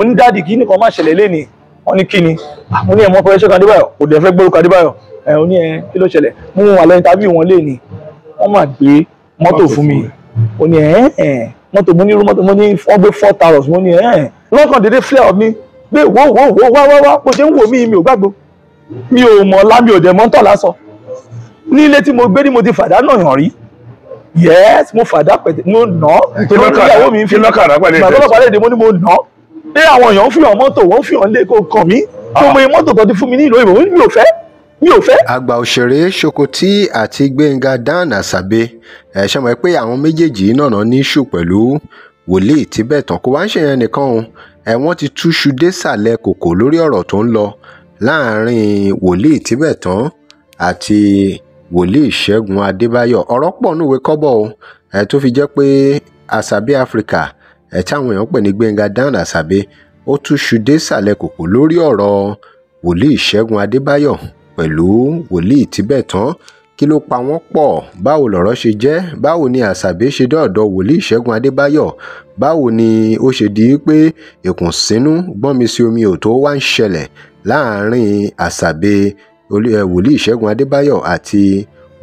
mo ní dáàdì kí nìkan má ṣẹlẹ̀ lénìí wọ́n ní kí ni ah, mo ní ẹ̀ mọ́ pẹ́rẹ́ṣẹ́ kan adébáyọ̀ kò dẹ̀ fẹ́ gbórúkọ adébáyọ̀ ẹ̀ eh, ó ní ẹ eh, kí ló ṣẹlẹ̀ mú wọn lọ ìtàbí wọn lénìí wọ́n máa gbé mọ́tò fún mi ó ní ẹ̀ eh, ẹ̀ mọ́tò mo ní irú mọ́tò mo ní wọ́n gbé four thousand mo ní ẹ̀ ẹ̀ lọ́kàn dédé flare of mi gbé wo wo wo wá wá wá bó ṣe ń wò mí mi ò gbàgbó mi ò mọ̀ lá mi ò dẹ̀ mọ́ tọ̀ lásọ ní ilé tí mo gbé ní mo ti fàdá náà yàn rí yes mo fàdá pẹ̀tẹ́ mo nà á torí ìyàwó mi ń fi màtọ́lọ́pàá lè dé mo ní mo nà pé àwọn èèyàn fi hàn mọ́tò wọ́n fi hàn lé kó kàn mí tó mọ mọ́tò kan ti fún mi ní ìlú ìbò mi ò fẹ́ mi ò fẹ́. àgbà òṣèré Ṣòkòtì àti Gbénga Dan Asabe ẹ ṣe mọ̀ pé àwọn méjèèjì náà ní ṣù pẹ̀lú wòlíì Tibetan kò wá ń ṣèyàn nìkan o ẹ wọ́n ti túṣu désàlẹ̀ kòkò lórí ọ̀rọ̀ tó ń lọ láàrin wòlíì Tibetan àti wòlíì Ṣẹ́gun Adébáyọ̀ ọ̀rọ̀ pọ̀ nùwé kọ́bọ̀ o ẹ tó fi jẹ́ pé Asabe Africa ẹ̀ táwọn èèyàn pè ní Gbẹ́ngà Dán Àṣàbí ó tún ṣu dé sàlẹ̀ kòkò lórí ọ̀rọ̀ wòlíì Ṣẹ́gun Adébáyọ̀ pẹ̀lú wòlíì Tíbẹ̀tán kí ló pa wọ́n pọ̀ báwo lọ̀rọ̀ ṣe jẹ́ báwo ni Àṣàbí ṣe dọ́ọ̀dọ̀ wòlíì Ṣẹ́gun Adébáyọ̀ báwo ni ó ṣe di pé ìkùnsínú gbọ́nmi sí omi ò tó wá ń ṣẹlẹ̀ láàárín Àṣàbí wòlíì Ṣẹ́gun Adébáyọ̀ àti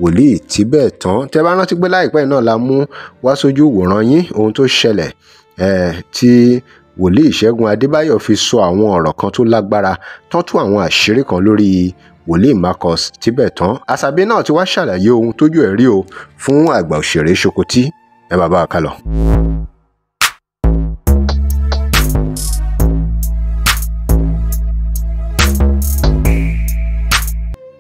wòlíì Tíbẹ̀tán tẹ́ bá rántí pé láìpẹ́ náà la mú wá sójú wòran yín ohun tó ṣẹlẹ̀ um tí wòlíì ṣẹ́gun adébáyọ̀ fi sọ àwọn ọ̀rọ̀ kan tó lágbára tó àwọn àṣírí kan lórí wòlíì marcus tíbẹ̀tán àṣàbí náà ti wá ṣàlàyé ohun tójú ẹ̀ rí o fún àgbà òṣèré ṣokotí ẹ bàbá àkàlọ̀.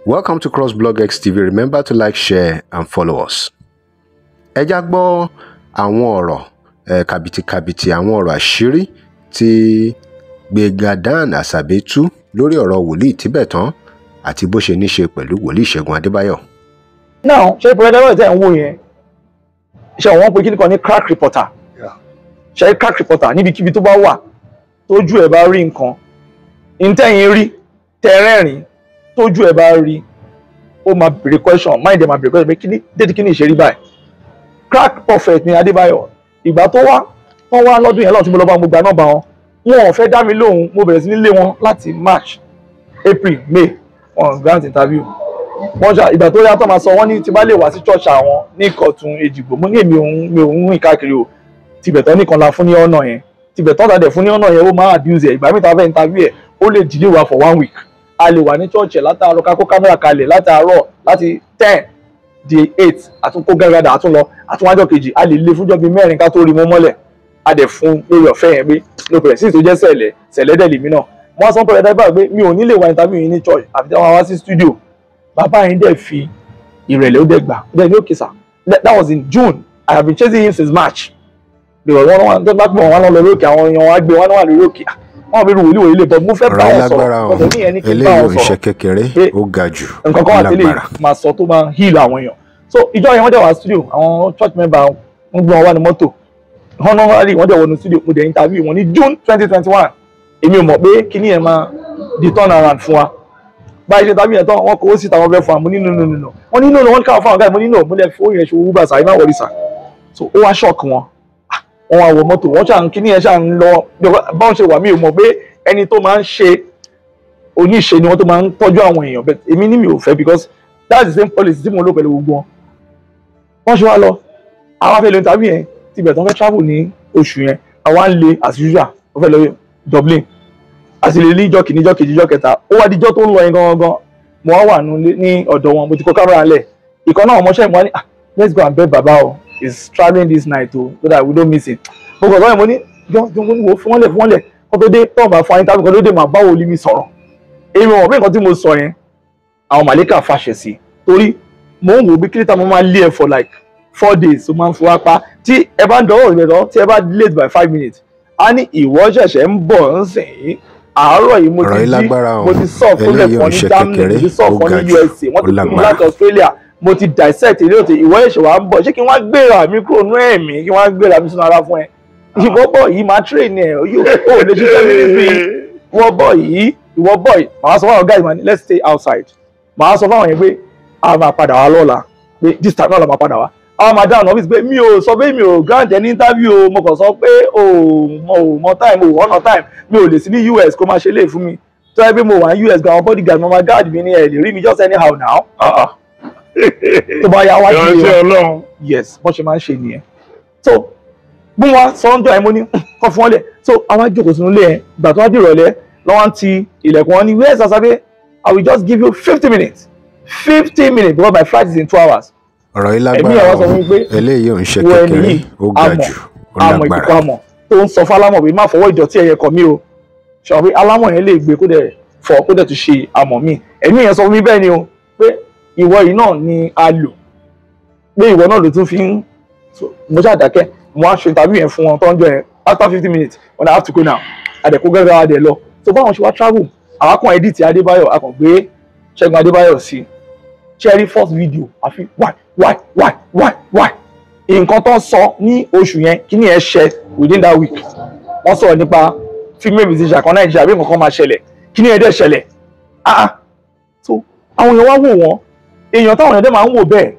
Welcome to crossblogX TV. Remember to like, share and follow us. Ẹ já gbọ́ àwọn ọ̀rọ̀ kàbìtìkàbìtì àwọn ọ̀rọ̀ àṣírí tí gbẹ̀gàdán àṣàbí tú lórí ọ̀rọ̀ wòlíì tíbẹ̀tán àti bó ṣe ní ṣe pẹ̀lú wòlíì ṣẹ́gun adébáyọ̀. náà ṣe pẹ̀lú tẹ́ ń wò yẹn ṣe wọ́n pe kíni kan ní crack reporter ṣe crack reporter níbikíbi tó bá wà tójú ẹ̀ bá rí nǹkan ntẹ́yìn rí tẹ́rẹ́rìn tójú ẹ̀ bá rí ó máa bèrè question mind ẹ̀ máa bèrè question pé kíni dédé kíni ìṣerí báyìí crack prophet ni adébáyọ̀ ìgbà tó wá wọ́n wá lọ́dún yẹn lọ́dún tí mo lọ bá mo gba nọ́mbà wọn wọn ò fẹ́ dá mi lóhùn mo bẹ̀rẹ̀ sí nílé wọn láti march april may on grant interview wọ́n ṣá ìgbà tó yàtọ̀ máa sọ wọ́n ní tí bá lè wá sí church àwọn ní ìkọ̀tún èjìgbò mo ní èmi òun mi òun rìn káàkiri o tìbẹ̀tọ́ nìkan la fún ní ọ̀nà yẹn tìbẹ̀tọ́ tàdẹ̀ fún ní ọ̀nà yẹn ó máa abuse ẹ̀ ìgbà mìta fẹ́ interview ẹ̀ ó lè delay wa for one week a lè wà ní church ẹ̀ látàárọ̀ ká kó kámẹ́rà kalẹ̀ láti ten di eight àtúnkó gàgàdà àtúnlọ àtúnwájọ kejì a lè le fúnjọ bíi mẹ́rin ká tó rí mú mọ́lẹ̀ a dẹ̀ fún lórí ọ̀fẹ́ yẹn pé ló bẹ̀rẹ̀ sí tó jẹ́ sẹ̀lẹ̀ sẹ̀lẹ̀ dẹ̀ lèmi náà mo wá sọ pé ẹ̀dá ìbára pé mi ò nílè wa interview yìí ní church àfi táwọn wá sí studio bàbá yẹn dẹ̀ fi ìrẹ̀lẹ̀ ó dẹ̀ gbà dẹ̀ ní òkè sà that was in June I have been chasing him since March bẹ̀rẹ̀ wọn wọn tó bá pọ̀ wọn lọ lórí òkè àwọn èèyàn wọn á gbé wọn náà wà lórí òkè ah wọn bí irú wòlíì wòlíì lè bọ mo fẹ́ bá ọ sọ̀rọ̀ ọ̀sẹ̀ ní ẹni kí n bá ọ sọ̀rọ̀ ṣe kékeré ó ga jù nǹkan kan wà tí lè máa sọ tó máa heal àwọn èèàn so ìjọ yẹn wọ́n dẹ̀ wá studio àwọn church member ń gbọ́n wá ní mọ́tò honorary wọ́n dẹ̀ wọnú studio mo dẹ̀ interview wọn ní June twenty twenty one èmi ò mọ̀ pé kíní yẹn máa di turn around fún wa báyìí ṣe tàbí yẹn tán wọn kò ó sì tàwọn fún wa mo ní no no no no wọn ní no no wọn káwọn fún àwọn gáà mo ní no mo lè fowó yẹn ṣe owó bàṣà iná wọlé sà so ó wá ṣọ́ọ̀kì wọn wọn àwọ̀ mọ́tò wọn ṣàn kí ni ẹ ṣàn lọ báwọn ṣe wà mí ò mọ̀ pé ẹni tó máa ń ṣe oníṣe ni wọ́n tó máa ń tọ́jú àwọn èèyàn but èmi ní mi ò fẹ́ because that's the same policy tí mo lò pẹ̀lú gbogbo wọn wọ́n ṣe wá lọ àwa fẹ́ lọ interview yẹn ti bẹ̀rẹ̀ tó ń fẹ́ travel ní oṣù yẹn àwa ń le as usual wọ́n fẹ́ lọ Dublin àti lè ní ìjọ kìíní ìjọ kejì ìjọ kẹta ó wá di ìjọ tó ń lọ yẹn gangan mo wá wà ní ọ̀dọ̀ wọn mo ti kó kámẹ́rà lẹ̀ ìkan náà ọmọọṣẹ́ mi wá ní ah let's go and beg baba o is traveling this night o so that we don't miss it. mo kọ̀ lọ́yìn mo ní jọ jọ mo ní wo fún wọn lẹ̀ fún wọn lẹ̀ kó tó dé tó wọn bá fún ayétàbí kó tó dé màá báwo lè mi sọ̀rọ̀ èmi ò bí nǹkan tí mo sọ yẹn àwọn màlíkà fàṣẹ sí torí mo ń wò ó bí kílítà mo máa lé ẹ for like four days o máa ń fowá pa tí ẹ bá ń dánwò ìgbẹ́ tán tí ẹ bá late by five minutes a ní ìwọ ṣẹ̀ṣẹ̀ ń bọ̀ ń sìn yín àárọ̀ yìí mo ti jí mo ti sọ fún lẹ̀kọ́ ní Germany mo ti sọ fún ní USA wọ́n ti fún láti Australia mo ti dissect ilé òtí ìwọ ẹ̀ṣẹ̀ wa ń bọ̀ ṣé kí wọ́n gbéra mi kúrò nú ẹ̀mí kí wọ́n gbéra mi sínú ara fún ẹ ìwọ bọ̀ yìí máa train ẹ̀ yóò kó lè ṣiṣẹ́ mi níbi ìwọ bọ̀ yìí ìwọ bọ̀ yìí màá sọ fún guys man let's stay outside màá sọ fún àwọn yẹn pé a máa padà wá lọ́la pé this time náà la máa padà wá a máa dáhùn ọ́fíìsì pé mi ò sọ pé mi ò grant any interview o mo kàn sọ pé o mo ò mọ time o ọ̀nà time mi ò lè sí ní US kó máa ṣe lé fún mi tó yẹ pé mo wà ní US gan àwọn bodyguard mo máa guard mi ní ẹ̀ lè rí mi just anyhow now. Uh -uh tó bá yà wá sí i Ọlọ́run yes bọ́n ṣe máa ń ṣe nìyẹn so bí wọn sọ́njọ́ ẹ̀ mo ní mm, kọ́ fún wọn so àwọn àjòkò sínú ilé ẹ̀ gbà tó wá di ìrọ̀lẹ́ lọ́wọ́ ń ti ilẹ̀kùn wọn ni where is Asabe I will just give you fifty minutes fifty minutes because my flight is in two hours. ọ̀rọ̀ yìí lágbára o eléyìí ò ń ṣe kékeré ó ga jù ó lágbára. àmọ̀ ìkókó àmọ̀ tó ń sọ fálámọ̀ pé má fọwọ́ ìdọ̀tí ẹ̀yẹ kọ̀ mí o ṣàwọn pé alámọ̀ yẹn lè gbé kó dẹ̀ fọ kó dẹ̀ tún ṣe àmọ̀ mi ẹ̀mí yẹn sọ fún mi bẹ́ẹ̀ ni o pé ìwọ yìí náà ni a lò pé ìwọ náà ló tún fi ń mo ṣàdákẹ́ mo á ṣe interview yẹn fún wọn tó ń jọ yẹn after fifty minutes when I have to go now àdẹ̀kọ́ gẹ́gẹ́ adẹ̀ lọ tó báwọn ṣe wá travel àwákàn edit Adébáyọ̀ akàn gbé Ṣẹ́gun Adébáyọ̀ sí cherry first video àfi why why why why why nǹkan tó ń sọ ní oṣù yẹn kí ni ẹ ṣe within that week wọ́n sọ̀rọ̀ nípa female musician kan Nàìjíríà bí nǹkan kan máa ṣẹlẹ̀ kí ni ẹ dẹ̀ ṣẹlẹ̀ ah, ah. so àwọn èèyàn wá wò wọ́n èèyàn táwọn èèyàn dẹ́ máa ń wò bẹ́ẹ̀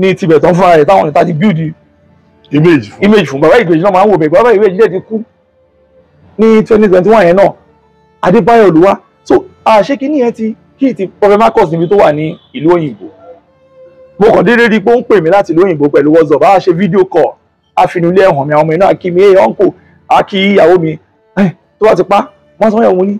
ní tibẹ̀ tán fúnra rẹ̀ táwọn ìta ti build image fún image fún bàbá ìgbèjì náà máa ń wò bẹ́ẹ̀ bàbá ìgbèjì dẹ̀ ti kú ní twenty twenty one yẹn náà Adébáyọ̀ Olúwa so àṣekínní yẹn ti kí ti prophet Marcus níbi tó wà ní ìlú òyìnbó mo kàn déédéé rí i pé ó ń pè mí láti ìlú òyìnbó pẹ̀lú WhatsApp a ṣe fídíò call àfinulé ẹ̀hàn mi àwọn ọmọ iná akí mi ẹ̀ ọ́nkò akí ìyàwó mi eh, tó bá ti pa wọ́n sọ yẹn mo ní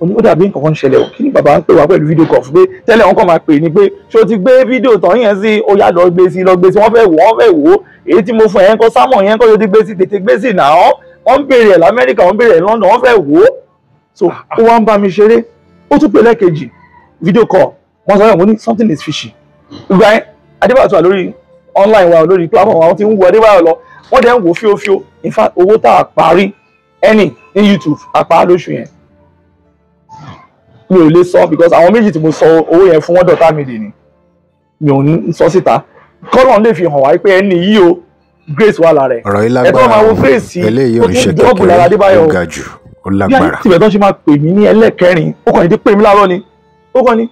oní ó dàbí nǹkan kan ṣẹlẹ̀ o kí ni bàbá ń pè wá pẹ̀lú fídíò kan fún pé tẹ́lẹ̀ wọn kàn máa pè ní pé ṣé o ti gbé fídíò tán yẹn sí ó yá lọ gbé sí lọ gbé sí wọ́n fẹ́ wò wọ́n fẹ́ wò ó èyí tí mo fún ẹ̀yẹn kọ́ sámọ̀ yẹn kọ́ ló ti gbé sí tètè gbé sí náà wọ́n ń béèrè ẹ̀ lamẹ́ríkà wọ́n ń béèrè ẹ̀ lọ́nà wọ́n fẹ́ wò ó so ó wá ń bá mi ṣeré ó tún pè lẹ́ẹ̀kejì fídíò kọ wọ́n sọ mo ní something is fishy ìgbà yẹn adébàtú wà lórí online wa lórí platform àwọn tí ń wo adébàtú lọ wọ́n dẹ̀ ń wò fíofío a mi ò lè sọ because àwọn méjì tí mo sọ owó yẹn fún wọn dọ̀tá mi dè ní mi ò ń sọ síta kọ́nà lè fi hàn wá pé ẹni yìí o grace wà lára ẹ̀ ọ̀rọ̀ yìí lágbára ọ̀hún eléyìí ò ń ṣe kékeré ó ga jù ó lágbára bí àyíkú ṣe máa pè mí ní ẹlẹ́kẹrin ó kàn ní pè mí láàárọ̀ ni ó kàn ní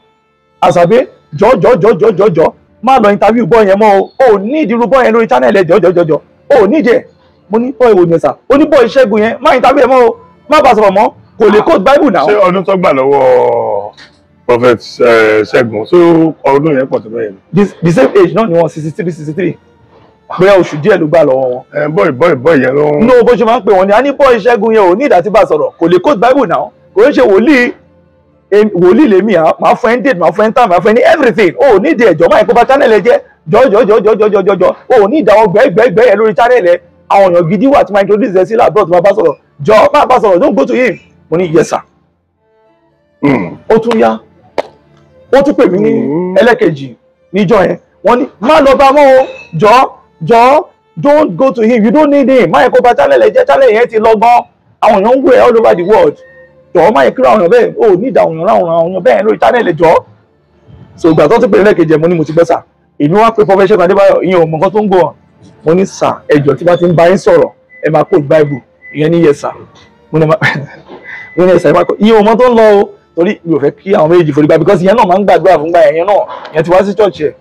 àṣàbẹ́ jọ́jọ́jọ́jọ́jọ́ má lọ interview bọ́ yẹn mọ́ o ò ní ìdí irú bọ́ yẹn lórí channel ẹ̀ jọ́jọ́jọ́jọ́ ò ní ìdí ẹ̀ mo ní bọ́ ìwò yẹn sà ó ní bọ́ ìṣẹ́gun yẹn má interview ẹ̀ mọ́ o má bàa sọ̀rọ̀ mọ́ kò lè quote bible náà. ṣé ọdún tó gbà lọ́wọ́ prophet eh, ṣẹ́gun ṣé ọdún yẹn pọ̀ tó bẹ́ẹ̀ ni. the same age náà ni wọn sixty three sixty three bóyá oṣù díẹ̀ ló gbà lọ́wọ́ wọn. ẹ bọ́ì bọ́ì bọ́ì yẹn ló ń. inú bó ṣe máa ń pè wọ́n ni a ní bọ́ì ṣẹ́gun yẹn ò ní ìdá tí bá sọ̀rọ̀ kò lè quote bible náà kò ń ṣe wòlíì wòlíì lèmi à ah, máa fún ẹ ní date máa fún ẹ ní time máa fún ẹ ní everything o ò ní ìdí ẹ̀jọ̀ máa kó bá channel ẹ jẹ́ jọjọjọjọjọjọjọ o ò ní ìdáwọ́ gbẹ́gbẹ́gbẹ́ ẹ lórí channel ẹ àwọn èèyàn gidi wà tí máa introduce ẹ sí láàbọ̀ tó máa bá sọ̀rọ̀ jọ máa bá sọ̀rọ̀ don't go to him mo ní yẹsà hmm. ó tún yá ó tún pè mí ní hmm. ẹlẹ́kejì níjọ́ yẹn wọ́n ní má lọ bá mọ́ o jọ́ jọ́ don't go to him you don't need him má yẹ kó ba channel ẹ jẹ́ channel yẹn ti lọ gan àwọn èèyàn ń wẹ̀ all over the world jọ́ má yẹ kíra àwọn èèyàn bẹ́ẹ̀ o ní ìdá òyìnbó àwọn èèyàn bẹ́ẹ̀ lórí channel ẹ jọ́ so ìgbà tó ti pè ẹlẹ́kejì ẹ̀ mo ní mo ti gbẹ́ sà èmi wá pé professor Adébáyọ̀ ìyẹn ò mọ nǹkan tó ń gbọ́ mo ní sà ẹjọ́ tí bá ti ń bá yín sọ̀rọ̀ ẹ máa kó ìgbà ìbù ìyẹn ní yẹ sà mo ní ma. irin ẹsẹ̀ ìpàkọ́ iye ọmọ tó ń lọ o torí mi ò fẹ́ kí àwọn méjì forí gbà because ìyẹn náà máa ń gbàdúrà fún gbà yẹn náà yẹn ti wá sí church yẹn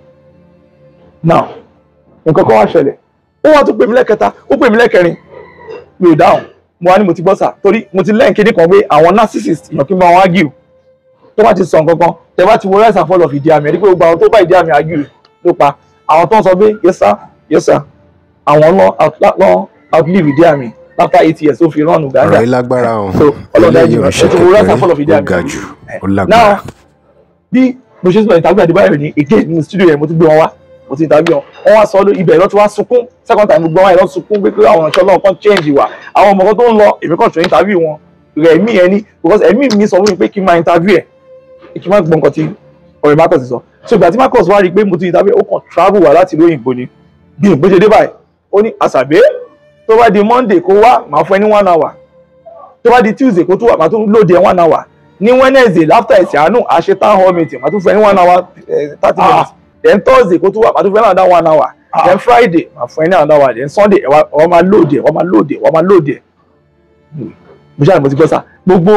now nǹkan kan wá ṣẹlẹ̀ ó wá tún pè mí lẹ́kẹta ó pè mí lẹ́kẹrin mi ò dáhùn mo wá ní mo ti gbọ́ sà torí mo ti lẹ́yìn kíní kan pé àwọn narcissist ìyàn kí n bá wọn argue tó bá ti sọ nǹkan kan tẹ bá ti wo rise and fall of ìdí àmì ẹni pé gbogbo àwọn tó bá ìdí argue ló pa àwọn tó ń sọ pé yes sir yes sir àwọn lọ outlive after eight years ó fi rán Uganda. ọ̀rọ̀ yìí lágbára o so ọlọ́dà ẹ̀jẹ̀ rẹ̀ ṣètò owó rẹ́sà fọlọ́ fìdí àmì. now bí mo ṣe sọ ìtàgbé àdébáyọ̀ ní èké ní studio yẹn mo tún gbé wọn wá mo ti ìtàgbé wọn wọn wá sọ ibẹ̀ lọ́tún wá sunkún second time gbọ́n wá ìlọ́ sunkún pé àwọn ọ̀ṣọ́ náà kàn change wa àwọn ọmọ kan tó ń lọ èmi kàn ṣe interview wọn rẹ̀ mí ẹ ní because ẹ̀mí mi sọ fún mi pé kí n máa interview ẹ̀ kí n máa gbọ́ nǹkan tí ọ̀rẹ́ so ìgbà tí Marcus wá rí i pé mo ti interview ó kàn travel wá láti lóyìnbó ni bí ìgbésẹ̀ dé báyìí ó ní àṣàbẹ́ tó bá di monday kó wá màá fún ẹ ní one hour tó bá di tuesday kó tún wà màá tún lòdì ẹ one hour ní wednesday after ẹsẹ àánú àṣẹ town hall meeting màá tún fún ẹ ní one hour eh, thirty ah. minutes then thursday kó tún wà màá tún fún ẹ ní another one hour ah. then friday màá fún ẹ ní another one then sunday ẹ wá máa lòdì ẹ wá máa lòdì ẹ wá máa lòdì ẹ hmm. mo ṣáà mo ti gbọ́ sá gbogbo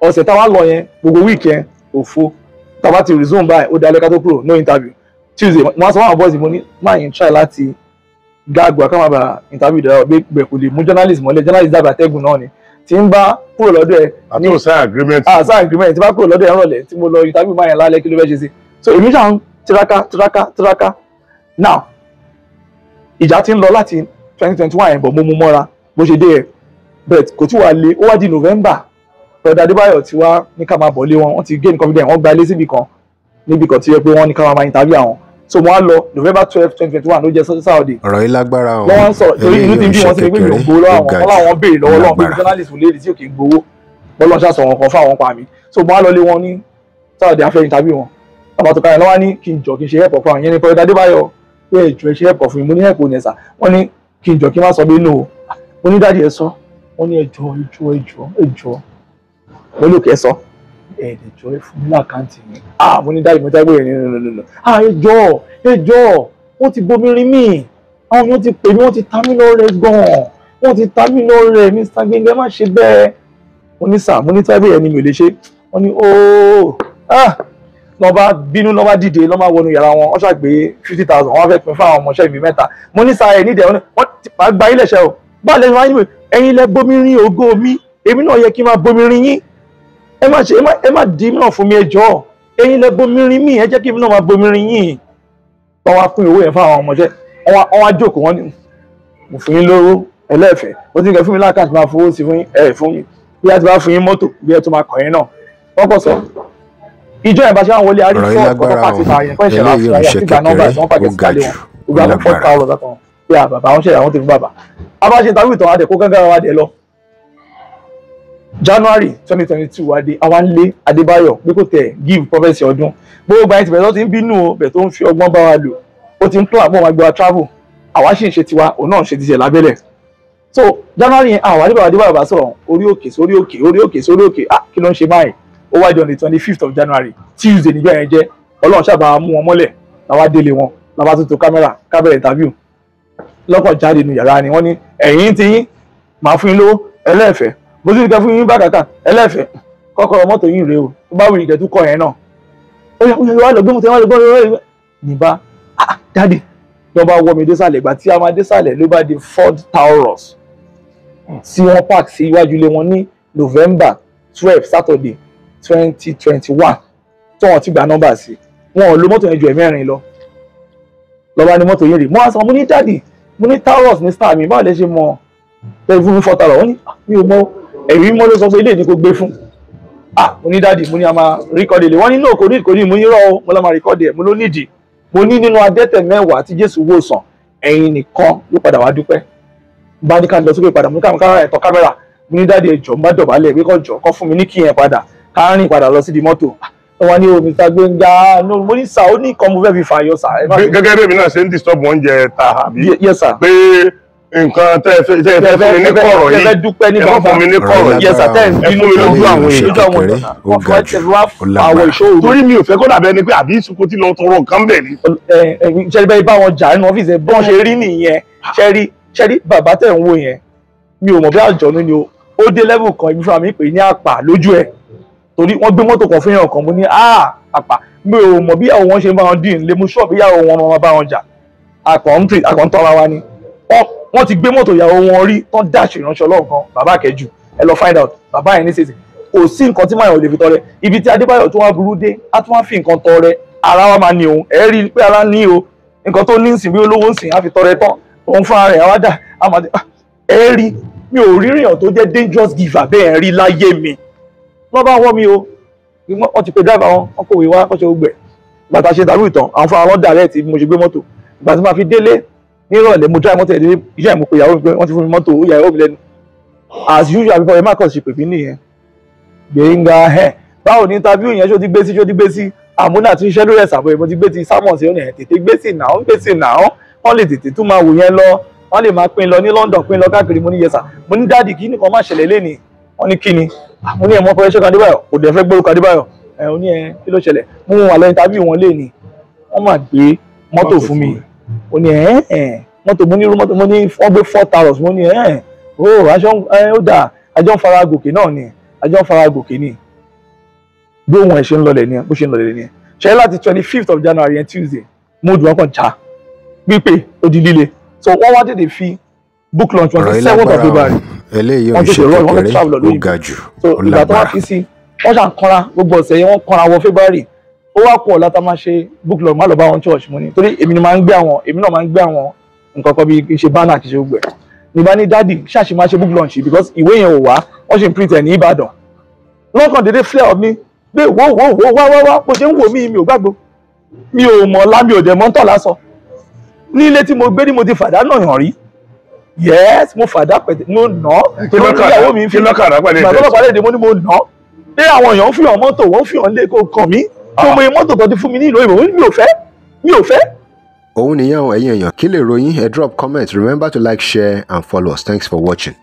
ọ̀sẹ̀ táwa lọ yẹn gbogbo week yẹn òfo táwa ti resume báyìí ó dalẹ́ ká tó kúrò no interview tuesday mo á sọ fún àwọn boys mo ní máa yín try láti gáàgbà ká má ba interview dára ọgbẹ́ ìgbẹ́ kò lè mú journalist mọ́lẹ̀ journalist dàgbà tẹ́gùn náà ni tí ń bá kúrò lọ́dọ̀ ẹ̀ ní àtúnṣe agreement àtúnṣe ah, agreement tí bá kúrò lọ́dọ̀ ẹ̀ rọ̀lẹ́ tí mo lọ interview máa yẹn lálẹ́ kí ló fẹ́ ṣe sí so èmi ṣà ń tiraka tiraka tiraka now ìjà ti ń lọ láti twenty twenty one ẹ̀bọ̀ mo mú mọ́ra bó ṣe dé ẹ̀ bet kò tí wàá lé ó wá di november brother adébáyọ̀ ti wá ní ká máa bọ̀ lé wọn wọ́n ti gain confidence wọ́n gba ilé síbì kan níbì kan tí yẹ pé wọ́n ní ká máa interview àwọn so wọ́n á lọ november twelve twenty twenty one ló jẹ́ saudi. ọ̀rọ̀ yìí lágbára o lọ́wọ́ ń sọ̀rọ̀ torí inú ti bí wọ́n sí pé mi ò gbowó lọ́wọ́ àwọn ọlọ́wọ́n béèrè lọ́wọ́ lọ́wọ́ pé journalist ò léèrè tí ò kì í gbowó bọ́lọ́ ṣàṣọ wọn kan fáwọn pa mi so wọ́n á lọ lé wọn ní saudi afẹ́ interview wọn bàbá tó káyọ̀ lọ́wọ́ ní kí n jọ kí n ṣe help fún àwọn yẹn ní pẹ́ẹ́dá débáyọ̀ pé ìjọ ẹ ṣe help fún mi mo ní help ní ẹ̀sà wọ́n ní kí n jọ kí n má sọ bí nù ẹ̀ẹ́dẹ̀jọ́ ẹ fún mi láàkáǹtì mi ah mo ní dáàbì mo dáàbì rẹ̀ nínú ah ẹjọ́ ẹjọ́ wọ́n ti bomi rin mí àwọn yóò ti pè mí wọ́n ti ta mí lọ́rẹ̀ gan-an wọ́n ti ta mí lọ́rẹ̀ Mr. Gbénga má ṣe bẹ́ẹ̀ mo ní sà mo ní tábìlì ẹni mi ò lè ṣe wọ́n ní ooo ah lọ́ba bínú lọ́ba dìde lọ́ba wọnú yàrá wọn wọ́n ṣàgbé fifty thousand wọ́n fẹ́ pin fún àwọn ọmọọṣẹ́ mi mẹ́ta mo ní sà ẹ̀ nídẹ̀ẹ́ wọ́n ti gba ilẹ̀ ṣẹ́ o báyìí lẹ́yìn wáyé ẹ̀yin lẹ bomi rin ògo mi èmi náà yẹ kí n ẹ má ṣe ẹ má dì í náà fún mi ẹ jọ̀ọ́ ẹ̀yin lẹ bomirin mí ẹ jẹ́ kí èmi náà máa bomirin yín wọn wá pín owó yẹn fún àwọn ọmọdé wọn wá jókòó wọn ni mo fún yín lówó ẹlẹ́fẹ̀ẹ́ mo ti ń kẹ́ fún mi láàkáàtì máa fowó sí fún yín ẹ̀ fún yín bí a ti bá fún yín mọ́tò bí ẹ tó máa kàn yín náà wọ́n kọ̀ sọ ìjọ ìbá ṣe àwọn wọlé àrí fún ọ̀pọ̀ pàtì máa yẹn fẹ́ṣẹ̀ láti ra yàtí gba nọ́mbà tí wọ́n pàkẹ́ sí kálí wọn gbogbo àwọn fọ́ọ̀ká ọ̀rọ̀ sátán fún bàbá a bá ṣe tàbí january twenty twenty two wa dé àwa ń kò tẹ̀ give prophecy ọdún gbogbo gba ẹni tìbẹ̀rẹ̀ tó ti ń bínú o bẹ̀ tó ń fi ọgbọ́n bá wa lò ó ti ń plan bọ́ wọn gba travel àwa sì ń ṣe tiwa òun náà ń ṣe tiṣẹ́ lábẹ́lẹ̀ so january yẹn àwọn adébáyọ̀ adébáyọ̀ bá sọ̀rọ̀ orí òkè sórí òkè orí òkè sórí òkè ah kí ló ń ṣe báyìí ó wá jọ ní twenty fifth of january tuesday níjọ́ yẹn jẹ́ ọlọ́run ṣàbà mú wọn mọ́lẹ̀ làwa délé wọn làwa tuntun kámẹ́rà kábẹ̀rẹ̀ interview lọ́kọ̀ jáde nu yàrá ni wọ́n ní ẹ̀yìn tí máa fún yín lówó ẹlẹ́ẹ̀fẹ́ bó sì kẹ fún yín bàkàtà ẹlẹ́fẹ̀ẹ́ kọ́kọ́rọ́ mọ́tò yín rèé o tó bá wùrì ìkẹ́tù kọ yẹn náà ó yẹ kó wá lọ gbé mọ́tò yẹn wá lọ gbé mọ́tò ah, yẹn bá wọ mi ìgbà tí a máa désàlẹ̀ ló bá di Ford Taurus hmm, tí wọ́n park sí iwájú ilé wọn ní November twelve Saturday twenty twenty one tí wọ́n ti gba nọ́mbà sí wọn ò lo mọ́tò yẹn ju ẹ̀mẹ́rin lọ lọ́ba ni mọ́tò yẹn rè mo á sọ mo ní dáàdì mo ní Taurus ní star mi báwo lè ṣe mọ tẹlifíwọ́n fọ́tà lọ wọ́n ní ah, mi ò mọ ẹ̀rí mọ́ ló sọ pé ilé ìdí kò gbé fún ah mo ní dáàdì mo ní a máa rékọ́dì lè wọ́n ní náà kò rí kò rí mo ní rọ́ o mo lọ́ máa rékọ́dì ẹ̀ mo ló nídìí mo ní nínú adẹ́tẹ̀ mẹ́wàá tí Jésù wò sàn ẹ̀yin nìkan ló padà wá dúpẹ́ bá ní ká lọ sókè padà mo ní káwọn kára ẹ̀tọ́ kámẹ́rà mo ní dáàdì ẹ̀jọ̀ mo bá dọ̀bálẹ̀ pé kọ́ jọ̀ kọ́ fún mi ní kí yẹn padà ká padà lọ sí di mọ́tò wọn ní omi ta gbẹngà mo ní sà ó ní nǹkan mo fẹ́ fi fààyàn sà. gẹ́gẹ́ bí èmi náà ṣe ń disturb oúnjẹ ta àbí. yes sir. pé nǹkan tẹ́ ẹ fún mi ní kọ̀rọ̀ yìí ẹ dúpẹ́ ní bàbá ẹ fún mi ní kọ̀rọ̀ yìí yẹsà tẹ́ ẹ bínú lójú àwọn èèyàn lójú àwọn èèyàn ọkọ̀ ẹ tẹ̀lé wá àwọn ìṣòro. torí mi ò fẹ́ kó dàbẹ́ ni pé àbí ìsìnkú ti lọ tọrọ nǹkan bẹ̀ ni. ṣẹ́ríbẹ́ bá wọn jà nínú ọ́fíìsì bọ́n ṣe rí nìyẹn ṣẹ́rí ṣẹ́rí bàbá tẹ̀ ń wò yẹn mi ò mọ̀ bí àjọ̀nú ni o ó dé lẹ́bù kan ibi fúnra mi pè ní àpà lójú ẹ̀ torí wọ́n gbé mọ́tò kan fún yàn kan mo ní ah, àpà mi ò mọ̀ bí àwọn wọn ṣe ń bá wọn dín in lé mu ṣọ́ọ̀bù yàrá wọn máa bá wọn jà àkọ́ńtì àkọ́ńtọ́ra wa ni wọ́n ti gbé mọ́tò ìyàwó wọn rí tán dáṣì ìránṣẹ́ ọlọ́run kan bàbá kẹjù ẹ lọ find out bàbá yẹn nísinsìnyí kò sí nǹkan tí máyọ̀ lè fi tọrẹ ibi tí adébáyọ̀ tó wá burú dé á tún wá fi nǹkan tọrẹ ara wa máa ní òun ẹ rí i pé ara ní o nǹkan tó ní ń sìn bí olówó ń sìn á fi tọrẹ tán òun fúnra rẹ̀ àwádà á máa ah, ẹ rí mi ò rí rìnyàn tó jẹ́ dangerous giver bẹ́ẹ̀ rí láyé mi lọ́ba wọ́ mi o wọ́n ti pe driver wọn wọ́n kò wí wá wọ́n ṣe gbogbo ẹ̀ gbàtà ṣe dàrú ìtàn àwọn fúnra wọn dà rẹ̀ tí mo ṣe gbé mọ́tò gbàtà máa fi délé nírọ̀lẹ́ mo drive mọ́tò ẹ̀dínlẹ́ iṣẹ́ ìmọ̀ pé ìyàwó mi ti fún mi mọ́tò ó yà ìyàwó lẹ́nu as usual before ẹ má kàn sí pè mí nìyẹn gbẹ̀ngà ẹ̀ báwo ni interview yẹn ṣó ti gbé sí ṣó ti gbé sí àmúnà tí ń ṣẹ́ lórí ẹ̀sà bóyá mo ti gbé ti sámọ̀ sí ọ̀nà ẹ̀ tètè gbé sí nà ó ń gbé sí nà ó wọ́n lè tètè tún máa wò yẹn lọ wọ́n lè máa pín lọ ní London pín lọ káàkiri mo ní yẹsà mo ní dáàdì kí nìkan má ṣẹlẹ̀ lénìí wọ́n ní kí ni mo ní ẹ̀ mọ́ fẹ́ ṣẹ́kan Adébáyọ̀ kò dẹ̀ fẹ́ gbórúkọ Adébáyọ̀ ẹ̀ ó ní ẹ kí ló ṣẹlẹ̀ mo wà lọ interview wọn ni. wọ́n máa gbé mọ́tò fún mi ó ní ẹ̀ẹ́n mọ́tò mo ní irú mọ́tò mo ní wọ́n gbé four thousand mo ní ẹ̀ẹ́n o aṣọ ó dà àjọ ń fara gòkè náà ni àjọ ń fara gòkè ni bí ohun ẹ̀ ṣe ń lọlẹ̀ ni bó ṣe ń lọlẹ̀ ni ṣe láti twenty fifth of January yẹn Tuesday mo dùn wọn kàn já pípé Odi di líle so wọ́n wá tètè fi book launch wọn sí seven of February eléyìí ò ṣe kékeré ó ga jù ó lágbára so ìgbà tó wá fi sí wọ́n ṣàǹkanra gbogbo ọ̀sẹ̀ yẹn wọ́n kanra wọ February ó wá kú ọ̀la tá ma ṣe book má lọ bá wọn church mo ní torí èmi ni máa ń gbé àwọn èmi náà máa ń gbé àwọn nǹkan kan bíi ṣe banner kì í ṣe gbogbo ní bá ní dádì ṣe because ìwé yẹn ò wá wọ́n ṣe ń print ẹ̀ ní Ìbàdàn lọ́kàn of wo wo wo wá wá wá bó ṣe mí mi ò gbàgbó mi ò mọ̀ mọ́ ń gbé ní mo ti fàdá náà yàn rí mo fàdá Ah. tó mọ mọ́tò kan ti fún mi ní ìlú òyìnbó mi ò fẹ́ mi ò fẹ́. òun nìyẹn ẹ̀yin èèyàn kí lè ròyìn ẹ drop comment remember to like share and follow us thanks for watching.